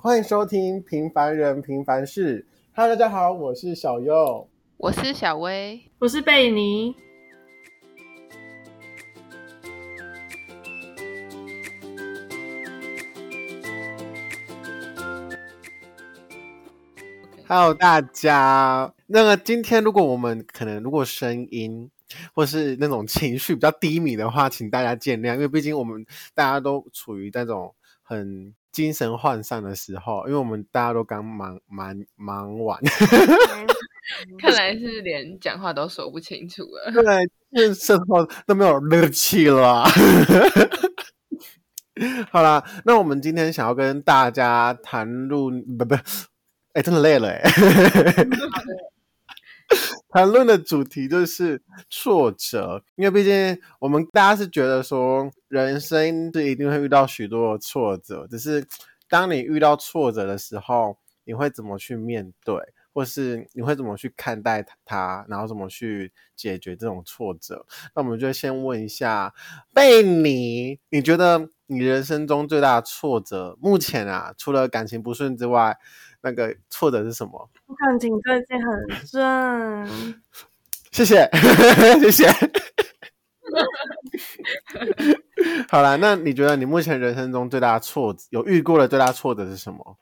歡迎收聽《平凡人平凡事》。Hello，大家好，我是小優，我是小薇，我是貝尼。Hello，大家。那麼、個、今天，如果我們可能如果聲音或是那種情緒比較低迷的話，請大家見諒，因為畢竟我們大家都處於那種很。精神渙散的時候，因為我們大家都剛忙忙忙完， 看來是連講話都說不清楚了。對，這時候都沒有力氣了、啊。 好啦，那我們今天想要跟大家談論不不，哎、欸，真的累了、欸， 談 論的主題就是挫折，因為畢竟我們大家是覺得說人生就一定會遇到許多的挫折，只是當你遇到挫折的時候，你會怎麼去面對？或是你會怎麼去看待它，然後怎麼去解決這種挫折？那我們就先問一下貝尼，你覺得你人生中最大的挫折，目前啊，除了感情不順之外。那個挫折是什麼？我看你最近很正。嗯，謝謝， 謝謝。 好啦，那你覺得你目前人生中最大挫折，有遇過的最大挫折是什麼？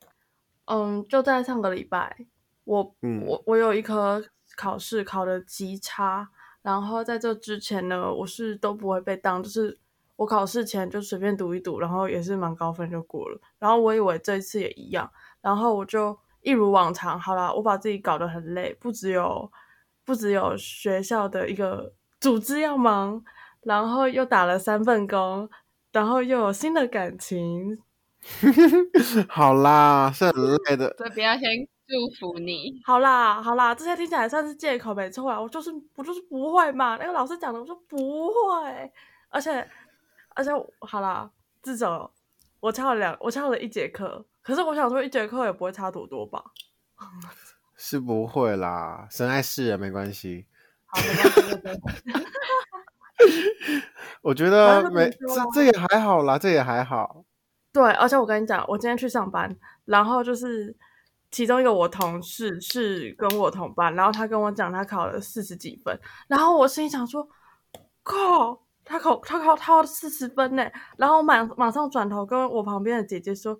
嗯，就在上個禮拜，我、嗯、我我有一科考試考的極差，然後在這之前呢，我是都不會被當，就是我考試前就隨便讀一讀，然後也是蠻高分就過了，然後我以為這一次也一樣。然後我就一如往常，好啦，我把自己搞得很累，不只有不只有學校的一個組織要忙，然後又打了三份工，然後又有新的感情， 好啦，是很累的。不要先祝福你好啦，好啦，這些聽起來算是借口沒錯啊，我就是我就是不會嘛。那個老師講的，我說不會，而且而且好啦，至少我翹了兩，我翹了一節課。可是我想說，一節課也不會差多多吧？是不會啦，神愛是也沒關係。好 我覺得沒這這也還好啦，這也還好。對，而且我跟你講，我今天去上班，然後就是其中一個我同事是跟我同班，然後他跟我講，他考了四十幾分，然後我心裡想說，靠，他考他考他考了四十分呢、欸，然後我馬馬上轉頭跟我旁邊的姐姐說。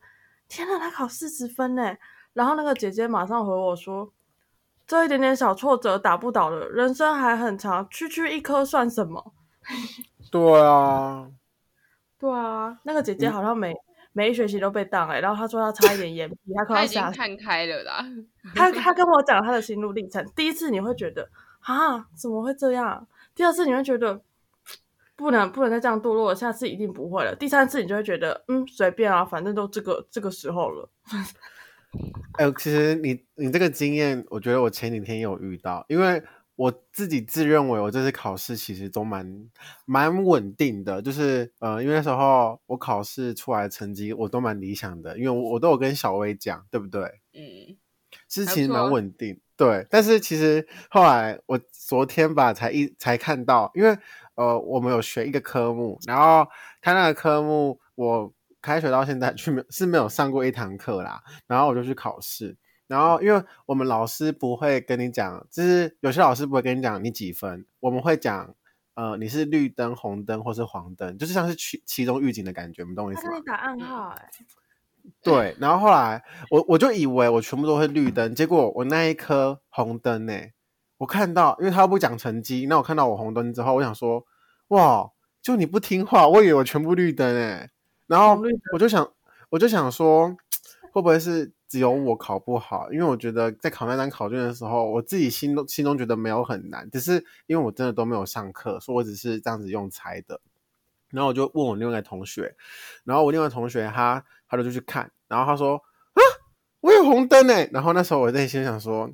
天吶，他考四十分呢！然後那個姐姐馬上回我說：“這一點點小挫折打不倒的，人生還很長，區區一科算什麼？”對啊， 對啊，那個姐姐好像每、嗯、每一學期都被當哎，、欸，然後她說她差一點眼皮， 她快要下看開了啦。 她她跟我講她的心路歷程，第一次你會覺得啊，怎麼會這樣？第二次你會覺得。不能不能再這樣墮落，下次一定不會了。第三次你就會覺得，嗯，隨便啊，反正都這個這個時候了。哎、 欸，其實你你這個經驗，我覺得我前幾天也有遇到，因為我自己自認為我這次考試其實都蠻蠻穩定的，就是呃，因為那時候我考試出來的成績我都蠻理想的，因為我我都有跟小薇講，對不對？嗯。其實蠻穩定、啊，對。但是其實後來我昨天吧才一才看到，因為呃我們有學一個科目，然後他那個科目我開學到現在去沒是沒有上過一堂課啦。然後我就去考試，然後因為我們老師不會跟你講，就是有些老師不會跟你講你幾分，我們會講呃你是綠燈、紅燈或是黃燈，就是像是其期中預警的感覺，你懂我意思嗎？打暗號哎、欸。對，然後後來我我就以為我全部都會綠燈，結果我那一科紅燈呢。我看到，因為他不講成績，那我看到我紅燈之後，我想說，哇，就你不聽話，我以為我全部綠燈哎。然後我就想，我就想說，會不會是只有我考不好？因為我覺得在考那張考卷的時候，我自己心中心中覺得沒有很難，只是因為我真的都沒有上課，所以我只是這樣子用猜的。然後我就問我另外同學，然後我另外同學他。他就就去看，然後他說：“啊，我有紅燈呢！”然後那時候我內心想說：“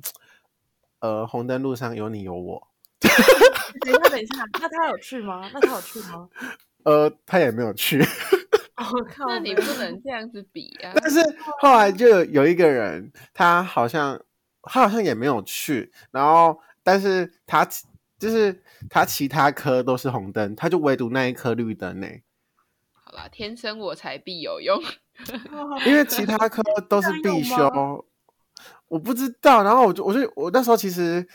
呃，紅燈路上有你有我。”等一下，等一下，那他有去嗎？那他有去嗎？呃，他也沒有去。我、 哦、靠！那你不能這樣子比啊！但是後來就有一個人，他好像他好像也沒有去，然後但是他就是他其他科都是紅燈，他就唯獨那一科綠燈呢。好啦，天生我材必有用。 因為其他科都是必修，我不知道。然後我就我就我那時候其實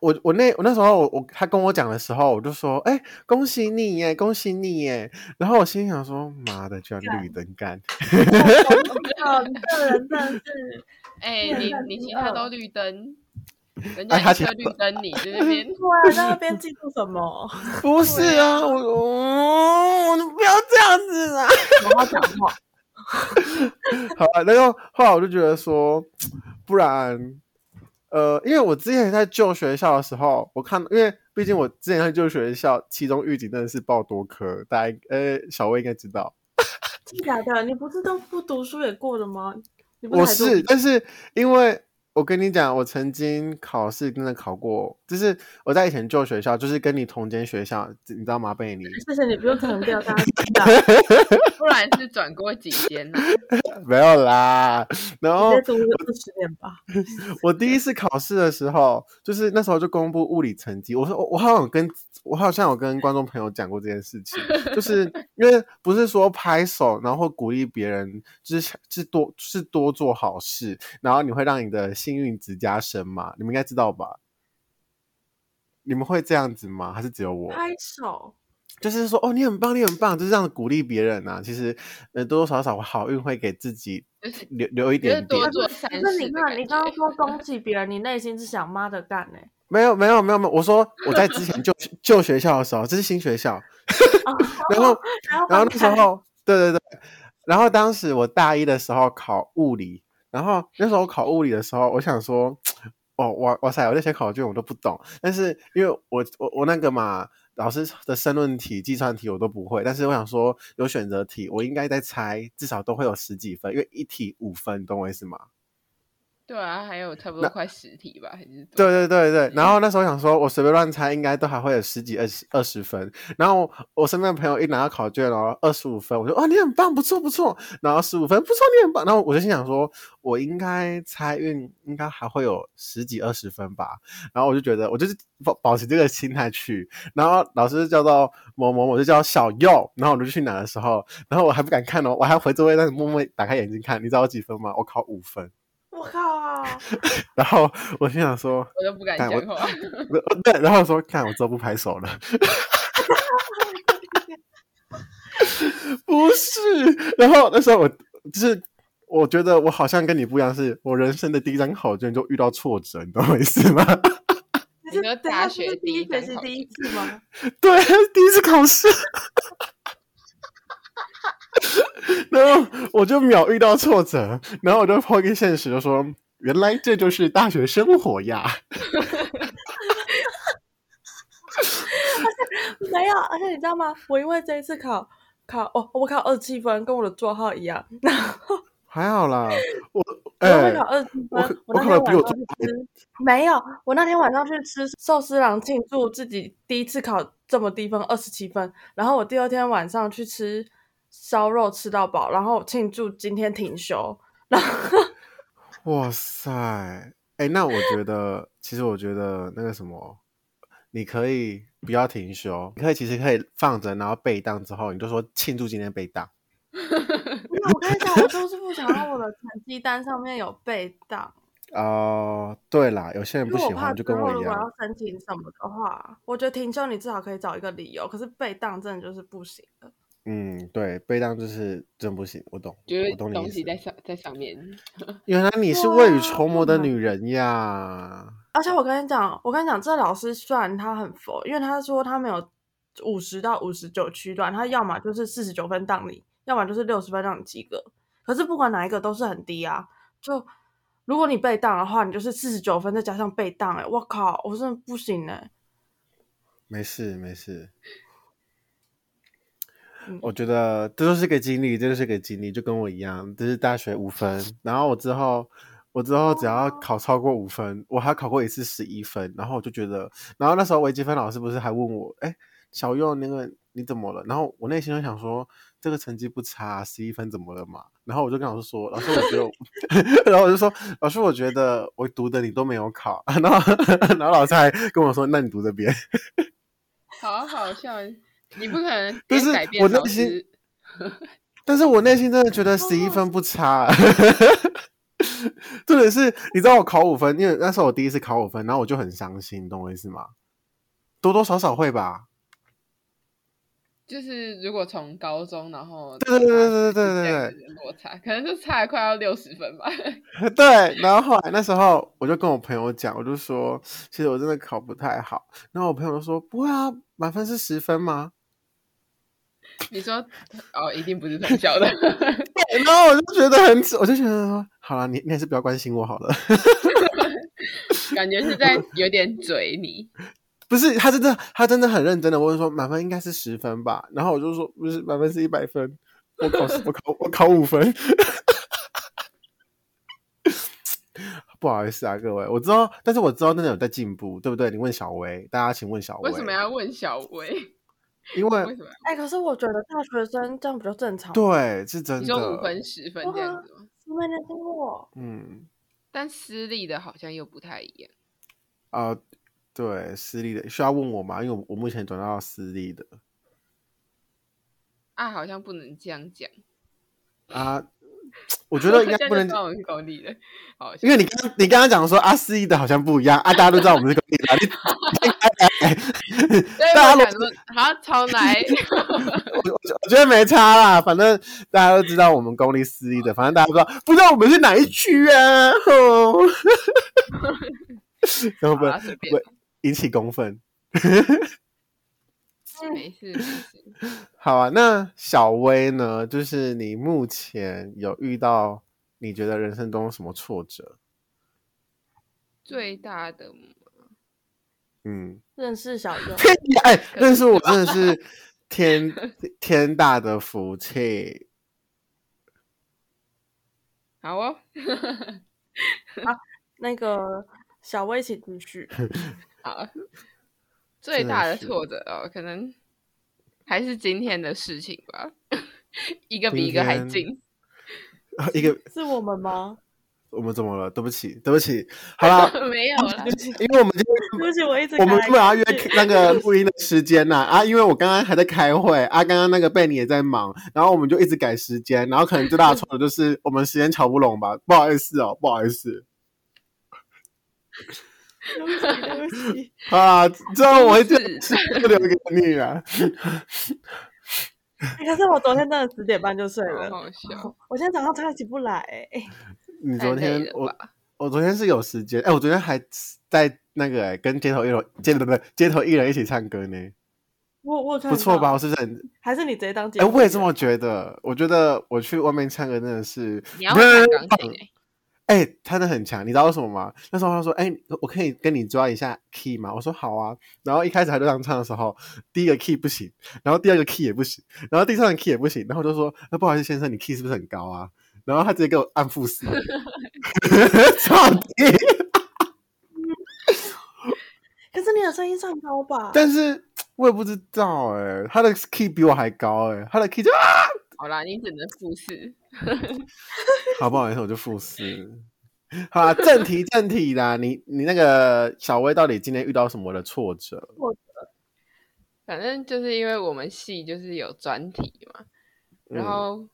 我我那我那時候我，我他跟我講的時候，我就說：哎、欸，恭喜你耶，恭喜你耶！然後我心想說：媽的，居然綠燈幹！哈哈哈哈哈！個人政哎，你你其他都綠燈、欸，人家車綠燈，你那邊哇，那邊記住什麼？ 不是啊，我說、嗯、我不要這樣子啊！好好講話。 好，然後後來我就覺得說，不然，呃，因為我之前在舊學校的時候，我看，因為畢竟我之前在舊學校，期中預警真的是報多科，大家呃、欸，小薇應該知道，真的假的？你不是都不讀書也過了嗎？我是，但是因為。我跟你講，我曾經考試真的考過，就是我在以前舊學校，就是跟你同間學校，你知道嗎？貝妮。不是你不用跟我掉大架，不然是轉過幾間了、啊、沒有啦，然後， 然後我， 我第一次考試的時候，就是那時候就公布物理成績。我說我好像有跟我好像有跟觀眾朋友講過這件事情， 就是因為不是說拍手然後鼓勵別人，就是是多、就是多做好事，然後你會讓你的。幸運值加深嘛？你們應該知道吧？你們會這樣子嗎？還是只有我？拍手，就是說哦，你很棒，你很棒，就是，這樣鼓勵別人啊。其實，呃，多多少少我好運會給自己留留一點點。就是多做善事的感覺。但是你看，你剛剛說恭喜別人， 你內心是想媽的幹呢？欸？沒有，沒有，沒有，沒有。我說我在之前舊舊 學校的時候，這是新學校。 然後然後，然後那個時候，對對對。然後當時我大一的時候考物理。然後那時候我考物理的時候，我想說，我哇哇塞，我那些考卷我都不懂。但是因為我我我那個嘛，老師的申論題、計算題我都不會。但是我想說，有選擇題，我應該在猜，至少都會有十幾分，因為一題五分，你懂我意思嗎？對啊，還有差不多快十題吧，還是對對對對。然後那時候想說，我隨便亂猜，應該都還會有十幾、二十二十分。然後我，我身邊的朋友一拿到考卷然後二十五分，我說：“啊，你很棒，不錯不錯。”然後十五分，不錯，你很棒。然後我就心想說，我應該猜運應該還會有十幾二十分吧。然後我就覺得，我就保保持這個心態去。然後老師叫做某某某，就叫小 yo。然後我就去拿的時候，然後我還不敢看哦，我還回座位，但是默默打開眼睛看，你知道我幾分嗎？我考五分。靠！ 然後我心想說，我都不敢講。然後說，看我都不拍手了。 不是，然後那時候我就是，我覺得我好像跟你不一樣是，是我人生的第一張考卷就遇到挫折，你懂我意思嗎？ 你是大學第一次，是第一次嗎？對，第一次考試。 然後我就秒遇到挫折，然後我就拋一個現實，就說：“原來這就是大學生活呀 ！”沒有，而且你知道嗎？我因為這一次考考哦，我考二十七分，跟我的座號一樣。然後還好啦，我我考二十七分，我那天沒有吃，沒有，我那天晚上去吃壽司郎慶祝自己第一次考這麼低分二十七分，然後我第二天晚上去吃。燒肉吃到飽，然後慶祝今天停休。哇塞，哎、欸，那我覺得， 其實我覺得那個什麼，你可以不要停休，你可以其實可以放着，然後被當之後，你就說慶祝今天被當。那、 嗯、我跟你講，我就是不想讓我的成績單上面有被當。哦、呃、對啦，有些人不喜歡，就跟我一樣。我要申請什麼的話， 我覺得停休你至少可以找一個理由，可是被當真的就是不行的。嗯，對，被當就是真不行，我懂，我懂，東西在上在上面。原 來你是未雨綢繆的女人呀！而且我跟你講，我跟你講，這老師雖然他很佛，因為他說他沒有五十到五十九區段，他要麼就是四十九分當你，要麼就是六十分當你及格。可是不管哪一個都是很低啊！就如果你被當的話，你就是四十九分再加上被當哎、欸，我靠，我真的不行呢、欸！沒事，沒事。 我覺得這就是個經歷，這就是個經歷，就跟我一樣，就是大學五分。然後我之後，我之後只要考超過五分，我還考過一次十一分。然後我就覺得，然後那時候微積分老師不是還問我，哎，小用，那個你怎麼了？然後我內心就想說，這個成績不差，十一分怎麼了嘛？然後我就跟老師說，老師我覺得我， 然後我就說，老師我覺得我讀的你都沒有考。然後然後老師還跟我說，那你讀這邊，好好笑。你不可能。但是，我內心，但是我內心， 心真的覺得十一分不差。Oh. 對，是，你知道我考五分，因為那時候我第一次考五分，然後我就很傷心，你懂我意思嗎？多多少少會吧。就是如果從高中，然後對對，對對對對對對對對，我差，可能就差了快要六十分吧 。對，然後後來那時候我就跟我朋友講，我就說，其實我真的考不太好。然後我朋友就說，不會啊，滿分是十分嗎？你說哦，一定不是傳銷的。然 後我就覺得很，我就覺得說，好了，你你還是不要關心我好了。 感覺是在有點嘴你，不是他真的，他真的很認真的。問說，滿分應該是十分吧。然後我就說，不是滿分是一百分，我考 我考我考五分。 不好意思啊，各位，我知道，但是我知道真的有在進步，對不對？你問小薇，大家請問小薇，為什麼要問小薇？因為哎、欸，可是我覺得大學生這樣比較正常。對，是真的。就五分十分這樣子嗎？你沒聽過？嗯，但私立的好像又不太一樣。啊、呃，對，私立的需要問我嗎？因為我我目前轉到私立的。啊，好像不能這樣講。啊、呃。我覺得應該不能叫我們是公立的。好，因為你剛你剛剛講說阿私立的好像不一樣，啊，大家都知道我們是公立的， 哎哎哎大家好像超難、欸， 我我覺得沒差啦，反正大家都知道我們公立私立的，反正大家不知道不知道我們是哪一區啊，然後不然會引起公憤。 沒事沒事，沒事 好啊。那小薇呢？就是你目前有遇到你覺得人生中有什麼挫折，最大的嗎？嗯，認識小薇， 哎，認識我真的是天 天，天大的福氣。好哦， 好，那個小薇請繼續。 好。最大的挫折哦，可能還是今天的事情吧， 一個比一個還近。啊、一個是我們嗎？我們怎麼了？對不起，對不起，好了， 沒有了啦， 因為我們今天 不我一直一我們本來約那個錄音的時間吶、啊。 啊，因為我剛剛還在開會啊，剛剛那個貝尼也在忙，然後我們就一直改時間，然後可能最大的錯誤就是我們時間喬不攏吧， 不好意思啊、哦，不好意思。對不起對不起啊！最後我一定是不留給你了，啊 欸。可是我昨天真的十點半就睡了，好好笑哦，我今天早上真的起不來，欸。你昨天我我昨天是有時間，哎、欸，我昨天還在那個、欸、跟街頭藝人街對不對？街頭藝人一起唱歌呢。我我不錯吧？啊、我是不是很還是你直接當？哎、欸，我也這麼覺得。我覺得我去外面唱歌真的是哎、欸，他的很強，你知道為什麼嗎？那時候他說：“哎、欸，我可以跟你抓一下 key 嗎？”我說：“好啊。”然後一開始還在這樣唱的時候，第一個 key 不行，然後第二個 key 也不行，然後第三個 key 也不行，然後就說：“那、欸、不好意思，先生，你 key 是不是很高啊？”然後他直接給我按副死，操！ 差點笑 可是你的聲音算高吧？但是我也不知道哎、欸，他的 key 比我還高哎、欸，他的 key 就啊！好啦，你只能復死。 好，不好意思，我就復試。 好，正題正題啦，你你那個小薇到底今天遇到什麼的挫折？反正就是因為我們系就是有專題嘛、嗯，然後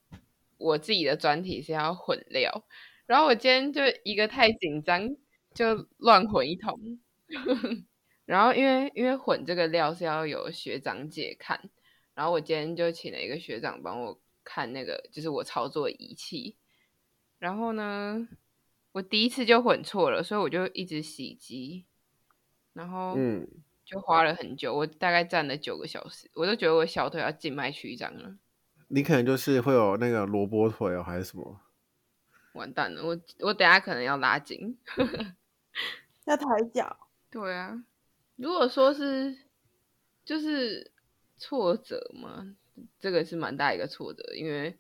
我自己的專題是要混料，然後我今天就一個太緊張就亂混一通 然後因為因為混這個料是要有學長姐看，然後我今天就請了一個學長幫我。看那個，就是我操作儀器，然後呢，我第一次就混錯了，所以我就一直洗機，然後嗯，就花了很久，嗯、我大概站了九個小時，我都覺得我小腿要靜脈曲張了。你可能就是會有那個蘿蔔腿、哦、還是什麼？完蛋了，我我等下可能要拉筋， 要抬腳。對啊，如果說是就是挫折嘛。這個是蠻大一個挫折，因為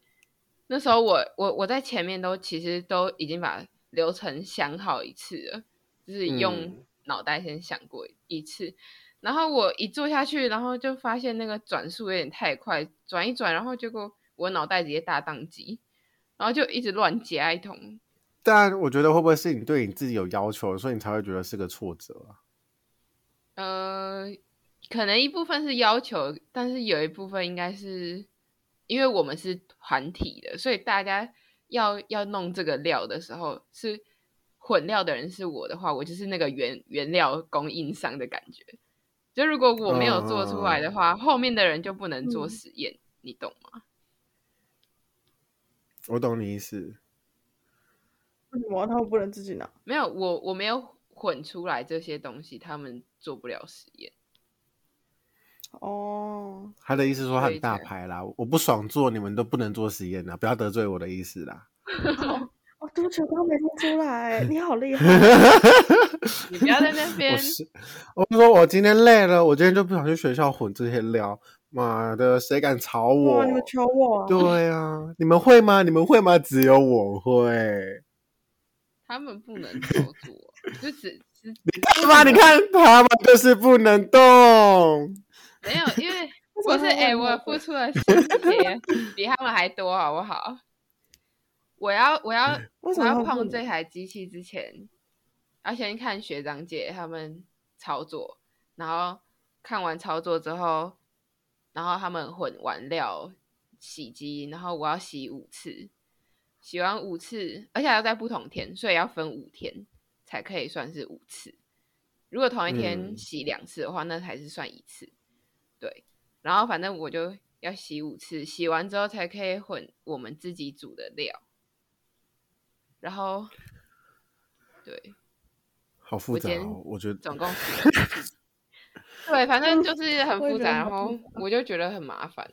那時候我我我在前面都其實都已經把流程想好一次了，就是用腦袋先想過一次，嗯，然後我一坐下去，然後就發現那個轉速有點太快，轉一轉，然後結果我腦袋直接大宕機，然後就一直亂接一通。但我覺得會不會是你對你自己有要求，所以你才會覺得是個挫折啊？呃。可能一部分是要求，但是有一部分應該是因為我們是團體的，所以大家要要弄這個料的時候，是混料的人是我的話，我就是那個原原料供應商的感覺。就如果我沒有做出來的話，哦，後面的人就不能做實驗，嗯，你懂嗎？我懂你意思。為什麼他們不能自己拿？沒有，我我沒有混出來這些東西，他們做不了實驗。哦、oh，，他的意思說很大牌啦，我不爽做，你們都不能做實驗啦，不要得罪我的意思啦。我肚子功沒出來，你好厲害！你不要在那邊。不是，我說我今天累了，我今天就不想去學校混這些料。媽的，誰敢吵我、啊？你們吵我、啊？對呀、啊、你們會嗎？你們會嗎？只有我會。他們不能做，作，就只只。你看他們就是不能動。沒有，因為我是哎、 欸，我付出了時間比他們還多，好不好？我要我要我要碰這台機器之前，要先看學長姐他們操作，然後看完操作之後，然後他們混完料洗機，然後我要洗五次，洗完五次，而且要在不同天，所以要分五天才可以算是五次。如果同一天洗兩次的話，嗯、那還是算一次。對，然後反正我就要洗五次，洗完之後才可以混我們自己煮的料，然後對，好複雜哦，我覺得總共 對，反正就是很複雜，然後我就覺得很麻煩，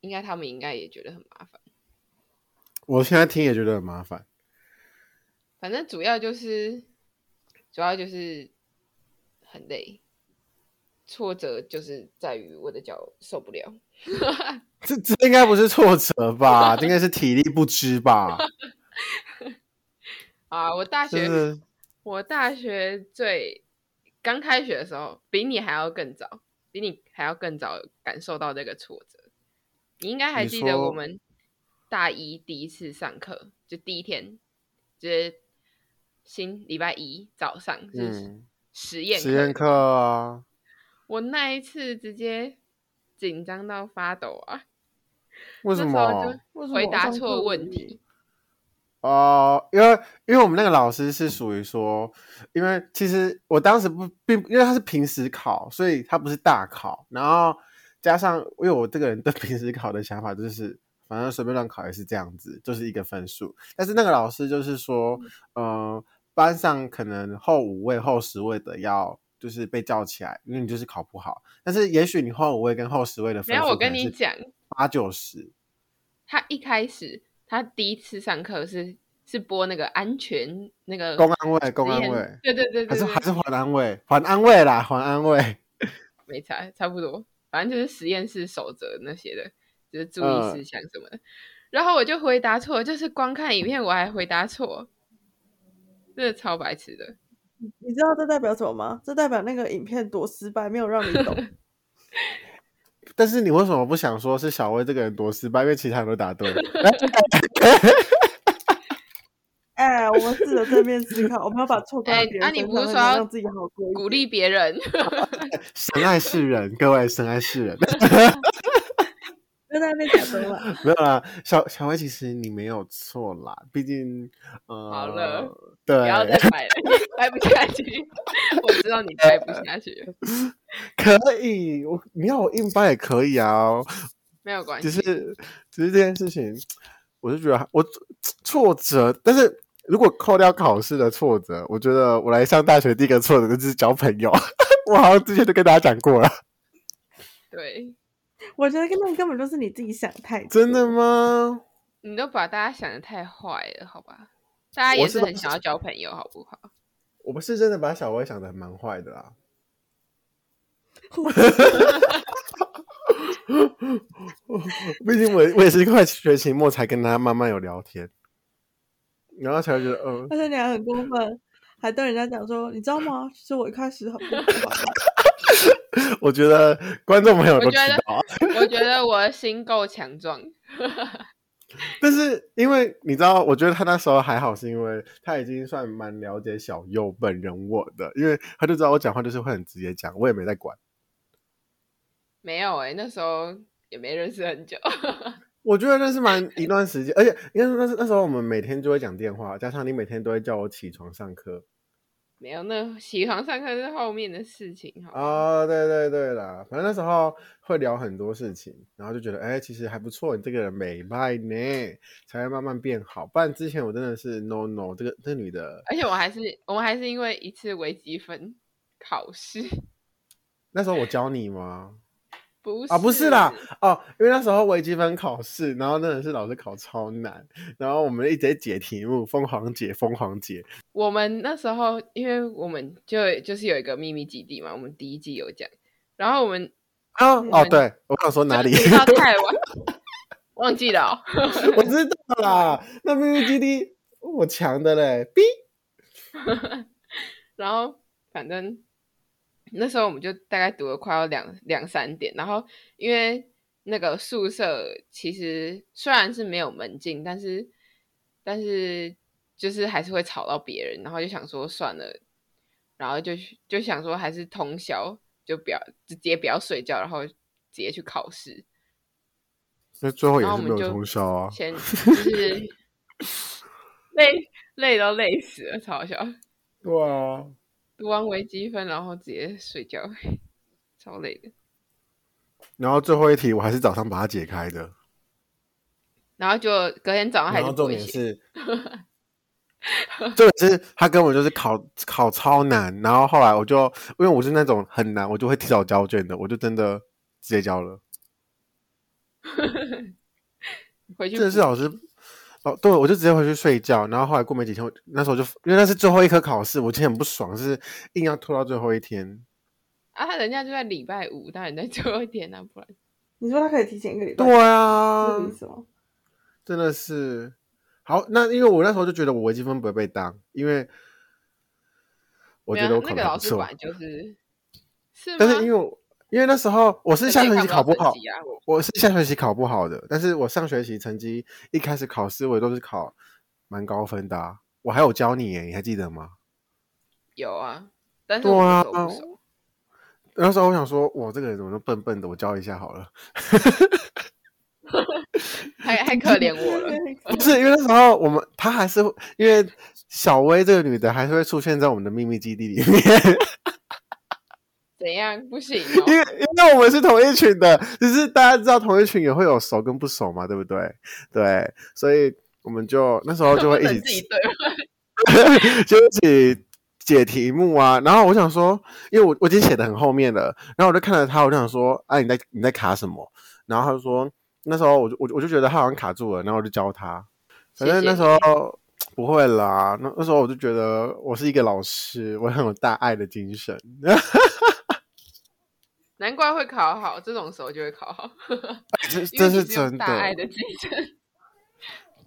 應該他們應該也覺得很麻煩，我現在聽也覺得很麻煩，反正主要就是主要就是很累。挫折就是在於我的腳受不了， 這這應該不是挫折吧？ 這應該是體力不支吧？ 啊！我大學、就是、我大學最剛開學的時候，比你還要更早，比你還要更早感受到這個挫折。你應該還記得我們大一第一次上課，就第一天，就是星禮拜一早上，就是實驗、嗯、實驗課啊。我那一次直接緊張到發抖啊！為什麼？回答錯問題。哦、呃，因為因為我們那個老師是屬於說，因為其實我當時不並因為他是平時考，所以他不是大考。然後加上因為我這個人的平時考的想法就是，反正隨便亂考也是這樣子，就是一個分數。但是那個老師就是說，嗯、呃，班上可能後五位、後十位的要。就是被叫起來，因為你就是考不好。但是也許你後五位跟後十位的分 8, 沒有。我跟你講，八九十，他一開始他第一次上課是是播那個安全那個公安衛、公安衛，對對對，對，對還，還是還是環安衛、環安衛啦環安衛，沒差差不多，反正就是實驗室守則那些的，就是注意事項什麼的。呃、然後我就回答錯，就是光看影片我還回答錯，真的超白痴的。你知道這代表什麼嗎？這代表那個影片多失敗，沒有讓你懂。 但是你為什麼不想說是小薇這個人多失敗？因為其他人都答對了。哎、 欸 欸，我們試着正面思考，我們要把錯歸。那、欸啊、你不是說要讓自己好過？鼓勵別人。 神愛世人，各位，神愛世人。 就在那邊講什麼？ 沒有啦，小小薇其實你沒有錯啦。畢竟，嗯、呃，好了，對，不要再掰了，掰 不下去。 我知道你掰不下去、呃。可以，我你要我硬掰也可以啊、哦，沒有關係。只是，只是這件事情，我就覺得我挫折。但是，如果扣掉考試的挫折，我覺得我來上大學第一個挫折就是交朋友。 我好像之前都跟大家講過了，對。我覺得根本根本就是你自己想的太多了。真的嗎？你都把大家想的太壞了，好吧？大家也是很想要交朋友，好不好？我是不是，我不是真的把小薇想的蠻壞的啦、啊。 畢竟我我也是一塊學期末才跟他慢慢有聊天，然後才會覺得嗯。而且你還很過分，還對人家講說，你知道嗎？其實我一開始很過分、啊。 我覺得觀眾朋友都知道。我覺得我的心夠強壯。但是因為你知道，我覺得他那時候還好，是因為他已經算蠻了解小 yo 本人我的，因為他就知道我講話就是會很直接講，我也沒在管。沒有誒，那時候也沒認識很久。我覺得認識蠻一段時間，而且因為那時候我們每天就會講電話，加上你每天都會叫我起床上課。沒有，那起床上課是後面的事情哦，對對對啦，反正那時候會聊很多事情，然後就覺得，哎，其實還不錯，你這個人美派呢，才會慢慢變好。不然之前我真的是 no no，這個這個女的。而且我還是，我們還是因為一次微積分考試， 那時候我教你嗎？ 不是，哦、不是啦，哦，因為那時候微積分考試，然後那陣是老師考超難，然後我們一直在解題目，瘋狂解，瘋狂解。我們那時候，因為我們就就是有一個祕密基地嘛，我們第一季有講，然後我們，哦我們哦，對我剛說哪裡？太、啊、晚， 忘記了、喔。 我知道啦，那祕密基地我強的嘞，b 然後反正。那時候我們就大概讀了快要兩兩三點，然後因為那個宿舍其實雖然是沒有門禁，但是但是就是還是會吵到別人，然後就想說算了，然後就就想說還是通宵，就不要直接不要睡覺，然後直接去考試。那最後也是沒有通宵啊，就先就是累 累都累死了，超搞笑。對啊。讀完微積分，然後直接睡覺，超累的。然後最後一題，我還是早上把它解開的。然後就隔天早上還是。後重點是， 這個是他跟我就是考考超難。然後後來我就，因為我是那種很難，我就會提早交卷的，我就真的直接交了。真 是老師。哦，對，我就直接回去睡覺，然後後來過沒幾天，那時候就因為那是最後一科考試，我今天很不爽，是硬要拖到最後一天。啊，人家就在禮拜五，但人家最後一天、啊，拿不然，你說他可以提前一個禮拜五？對啊是，真的是。好，那因為我那時候就覺得我微積分不會被當，因為我覺得我考、啊、那個老師管就是，是嗎，但是因為我。因為那時候我是下學期考不好，我是下學期考不好的，但是我上學期成績一開始考試，我都是考蠻高分的、啊。我還有教你耶，你還記得嗎？有啊，但是我不熟對、啊、不熟那時候我想說，我這個人怎麼都笨笨的？我教一下好了，哈 哈，太太可憐我了。 不是，因為那時候我們她還是會，因為小薇這個女的還是會出現在我們的秘密基地裡面。 怎樣？不行哦？因為，因為我們是同一群的，只是大家知道同一群也會有熟跟不熟嘛，對不對？對，所以我們就那時候就會一起自己對， 就一起解題目啊。然後我想說，因為我我已經寫的很後面了，然後我就看到他，我就想說，哎、啊，你在你在卡什麼？然後他就說，那時候我我我就覺得他好像卡住了，然後我就教他。反正那時候謝謝不會啦，那那時候我就覺得我是一個老師，我很有大愛的精神。 難怪會考好，這種時候就會考好。呵呵，這是這是真的。大愛的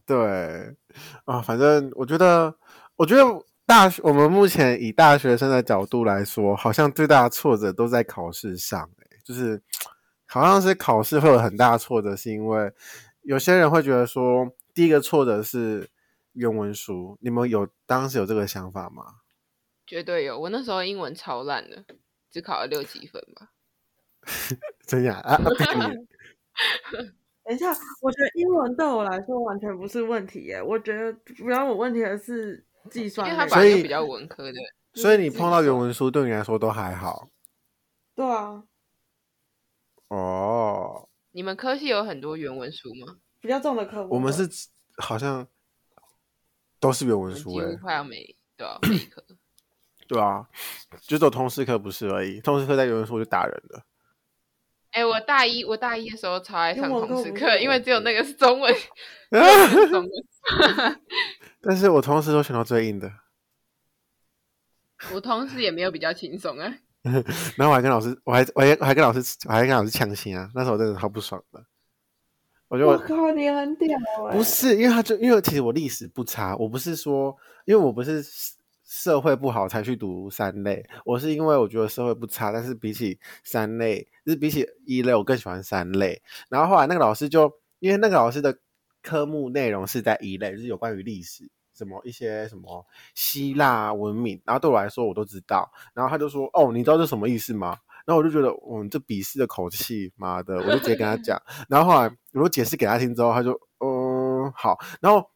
對啊，反正我覺得，我覺得大學我們目前以大學生的角度來說，好像最大的挫折都在考試上，欸。就是好像是考試會有很大挫折，是因為有些人會覺得說，第一個挫折是原文書。你們有當時有這個想法嗎？絕對有，我那時候英文超爛的，只考了六七分吧。真 樣啊？ 等一下，我覺得英文對我來說完全不是問題耶。我覺得主要我問題的是計算，因為他本身就比較文科的所，所以你碰到原文書對你來說都還好。對啊。哦、oh。你們科系有很多原文書嗎？比較重的科目。我們是好像都是原文書耶，幾乎快要沒。對啊， 對啊，就走通識課，不是而已。通識課在原文書就打人的。哎、欸，我大一，我大一的時候超愛上通識課，因為，因為只有那個是中文， 但是，我通識都選到最硬的，我通識也沒有比較輕鬆啊。 然後我還跟老師，我還我還我還跟老師，我還跟老師嗆聲啊。那時候我真的好不爽的，我覺得我，我靠你很屌。欸，不是因為他就因為，其實我歷史不差，我不是說因為我不是。社會不好才去讀三類，我是因為我覺得社會不差，但是比起三類，就是比起一類，我更喜歡三類。然後後來那個老師就，因為那個老師的科目內容是在一類，就是有關於歷史，什麼一些什麼希臘文明，然後對我來說我都知道。然後他就說：“哦，你知道這什麼意思嗎？”然後我就覺得，嗯，你這鄙視的口氣，媽的！我就直接跟他講。 然後後來我解釋給他聽之後，他就嗯好。然後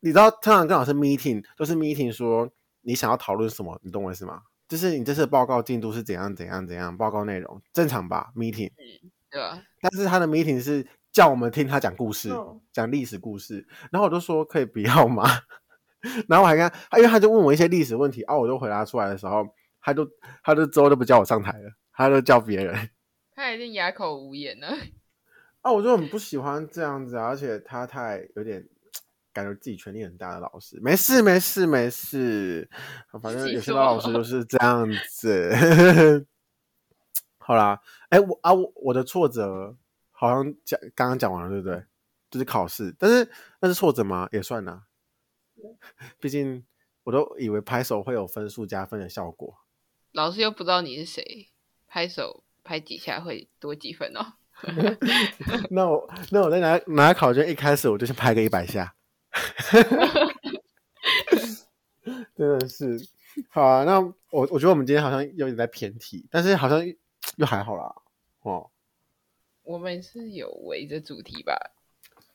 你知道，他常常跟老師 meeting 都是 meeting 說。你想要討論什麼？你懂我意思嗎？就是你這次報告進度是怎樣怎樣怎樣？報告內容正常吧？Meeting、嗯、對、啊。但是他的 meeting 是叫我們聽他講故事，哦、講歷史故事。然後我就說可以不要嗎？ 然後我還跟他，因為他就問我一些歷史問題，哦、啊，我就回答出來的時候，他都他都之後都不叫我上台了，他就叫別人。他已經啞口無言了。啊，我就很不喜歡這樣子、啊，而且他太有點。感覺自己權力很大的老師，沒事沒事沒事，沒事啊、反正有些老師都是這樣子。 好啦，哎、欸、我啊我，我的挫折好像講剛剛講完了，對不對？就是考試，但是那是挫折嗎？也算啦。畢竟我都以為拍手會有分數加分的效果。老師又不知道你是誰，拍手拍幾下會多幾分哦。 那我那我再拿拿考卷，一開始我就先拍個一百下。哈哈哈！真的是好啊。那我我覺得我們今天好像有點在偏題，但是好像又還好啦。哦，我們是有圍着主題吧？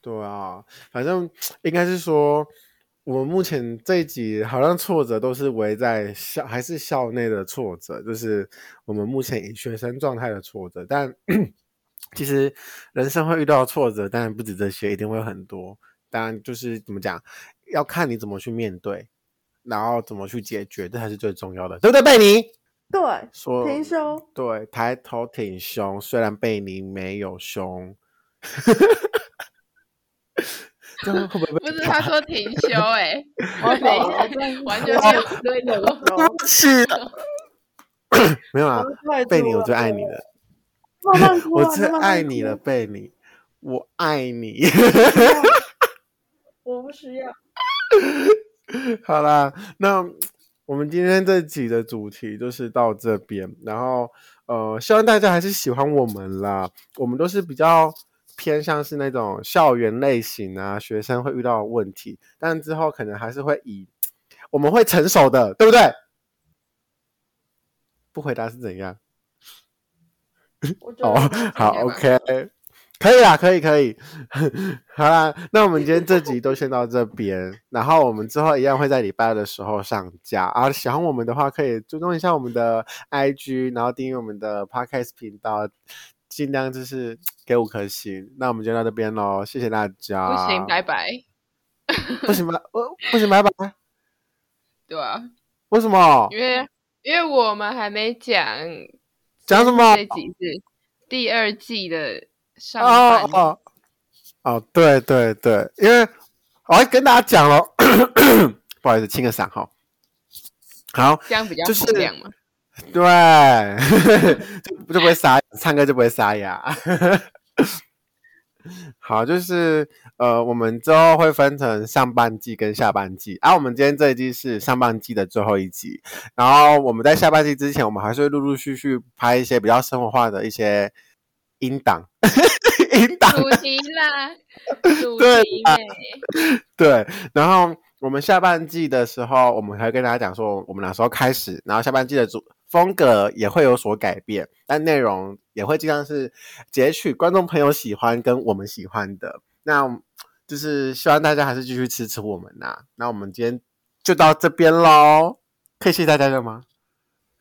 對啊，反正應該是說，我們目前這一集好像挫折都是圍在校，還是校內的挫折，就是我們目前以學生狀態的挫折。但 其實人生會遇到挫折，但不止這些，一定會有很多。當然，就是怎麼講，要看你怎麼去面對，然後怎麼去解決，這才是最重要的，對不對？貝尼，對，說挺胸，對，抬頭挺胸。雖然貝尼沒有胸， 這個會不會不是他說挺胸、欸？哎， 我等一下，完全是對的，對不起。 沒有啊，貝尼，我最愛你了，慢慢啊、 我最愛你了，貝尼，我愛你。 我不需要。 好啦，那我們今天這集的主題就是到這邊，然後呃，希望大家還是喜歡我們啦。我們都是比較偏向是那種校園類型啊，學生會遇到的問題，但之後可能還是會以我們會成熟的，對不對？不回答是怎樣？ 哦，好，OK。可以啊，可以可以， 好啦，那我們今天這集都先到這邊， 然後我們之後一樣會在禮拜二的時候上架。啊，喜歡我們的話，可以追蹤一下我們的 IG，然後訂閱我們的 Podcast 頻道，盡量就是給五顆星。那我們就到這邊嘍，謝謝大家。不行，拜拜 不行我。不行，拜拜。對啊。為什麼？因為因為我們還沒講講什麼？這集是第二季的。哦哦哦，對對對，因為我還跟大家講了， 不好意思，清個嗓哈。好，這樣比較適量嘛。就是、對， 就就不會沙，唱歌就不會沙啞。 好，就是呃，我們之後會分成上半季跟下半季，啊我們今天這一季是上半季的最後一集，然後我們在下半季之前，我們還是會陸陸續續拍一些比較生活化的一些。音檔，音檔，主題啦，主題、欸對，啊、對，然後我們下半季的時候，我們還會跟大家講說，我們哪時候開始，然後下半季的主風格也會有所改變，但內容也會盡量是截取觀眾朋友喜歡跟我們喜歡的。那，就是希望大家還是繼續支持我們吶、啊。那我們今天就到這邊嘍，可以謝謝大家了嗎？